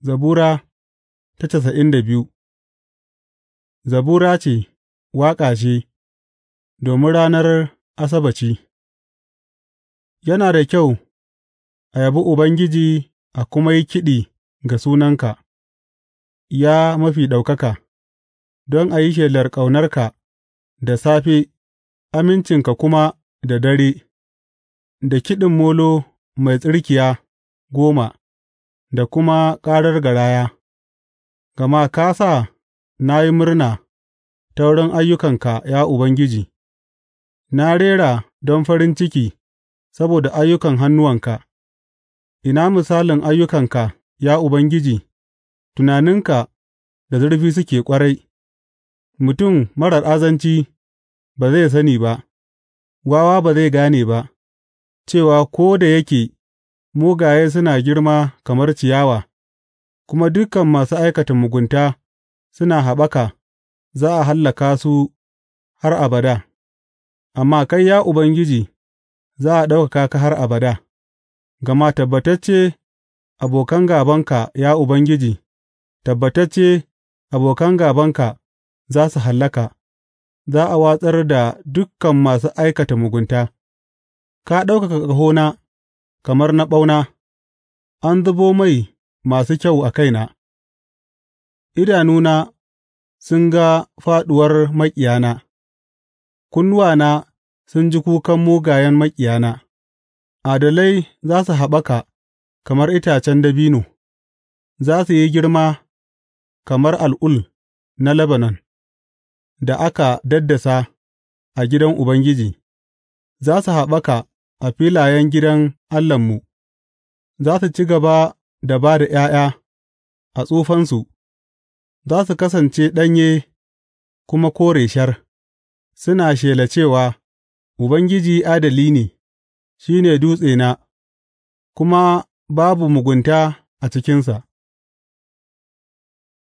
Zabura ta casa'in da biyu Zabura ce, waƙa ce, domin ranar asabaci Yana da kyau a yabi Ubangiji a kuma yi kiɗi ga sunanka, ya Mafi Ɗaukaka, don a yi shelar ƙaunarka da safe, amincinka kuma da dare, da kiɗin molo mai tsirkiya goma. da kuma ƙarar garaya, gama ka sa na yi murna ta wurin ayyukanka, ya Ubangiji; na rera don farin ciki saboda ayyukan hannuwanka, ina misalin ayyukanka, ya Ubangiji, tunaninka da zurfi suke ƙwarai, mutum marar azanci ba zai sani ba, wawa ba zai gane ba, cewa ko da yake Mugaye suna girma kamar ciyawa, kuma dukan masu aikata mugunta suna haɓaka; za a hallaka su har abada, amma kai, ya Ubangiji, za a ɗaukaka ka har abada, gama tabbatacce abokan gābanka, ya Ubangiji, tabbatacce abokan gābanka za su hallaka; za a watsar da dukan masu aikata mugunta Ka ɗaukaka ƙahona. kamar na ɓauna, an zubo mai masu kyau a kaina, idanuna sun ga fāɗuwar maƙiyana, kunnuwana sun ji kukan mugayen maƙiyana, adalai za su haɓaka kamar itacen dabino, za su yi girma kamar al'ul na Lebanon, da aka daddasa a gidan Ubangiji, za su haɓaka. a filayen gidan Allahnmu, za su ci gaba da ba da ’ya'ya a tsufansu, za su kasance ɗanye kuma kore shar, suna shela cewa, Ubangiji adali ne, shi ne dutsena, kuma babu mugunta a cikinsa.